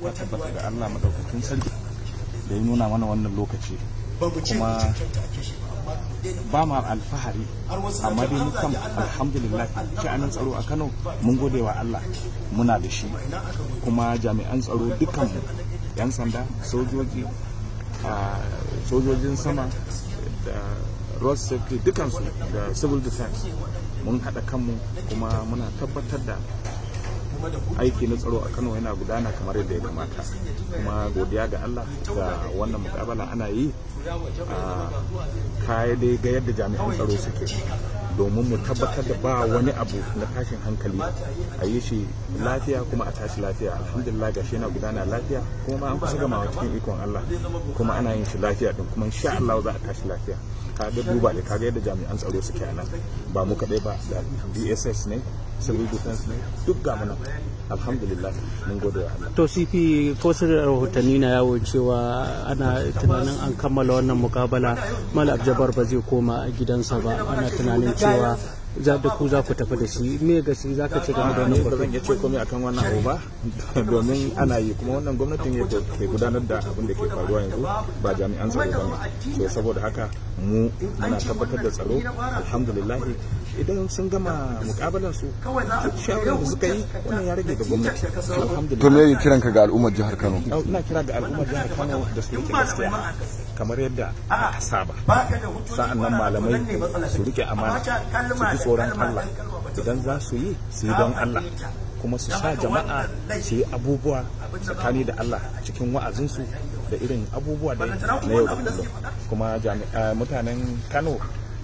ta tabbatar da Allah madaukakin sarki da ya nuna mana wannan lokaci kuma ba ma alfahari amma dai mu kam alhamdulillah sha'anin tsaro a Kano mun gode wa Allah muna da shi kuma jami'an tsaro dukkan yan sanda sojoji sojojin sama da road safety dukansu da civil defense mun haɗa kanmu kuma muna tabbatar da aiki na tsaro a Kano yana gudana kamar yadda ya kamata kuma godiya ga Allah ga wannan mukabala ana yi a kaya dai ga yadda jami'an tsaro suke domin mu tabbatar da ba wani abu na tashin hankali a yi shi lafiya kuma a tashi lafiya alhamdulillah gashi yana gudana lafiya kuma an kusa gama cikin ikon Allah kuma ana yin shi lafiya din kuma sha Allah za a tashi lafiya ka ga duba da ga yadda jami'an tsaro suke a nan ba mu kaɗai ba da DSS ne civil defense ne duk ga muna alhamdulillah mun gode wa Allah to CP ko rahotanni na yawo cewa ana tunanin an kammala wannan mukabala mal abjabar ba zai koma gidansa ba ana tunanin cewa za da ku za ku tafi da shi me gaskiya za ka ce game da wannan ba zan ce komai akan wannan abu ba domin ana yi kuma wannan gwamnatin ya ke gudanar da abin da ke faruwa yanzu ba jami'an tsaro ba ne saboda haka mu muna tabbatar da tsaro alhamdulillah idan sun gama mukabalan su shawarar da suka yi wannan ya rage ga gwamnati to me kiran ka ga al'ummar jihar Kano ina kira ga al'ummar jihar Kano da su rike gaskiya kamar yadda aka saba sa'annan malamai su rike amana su tsoron Allah idan za su yi su yi don Allah kuma su sa jama'a su yi abubuwa tsakani da Allah cikin wa'azinsu da irin abubuwa da na yau da kullum kuma mutanen Kano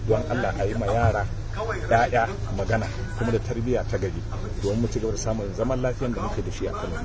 don Allah a yi ma yara ya'ya magana kuma da tarbiyya ta gari domin mu ci gaba da samun zaman lafiyar da muke da shi a Kano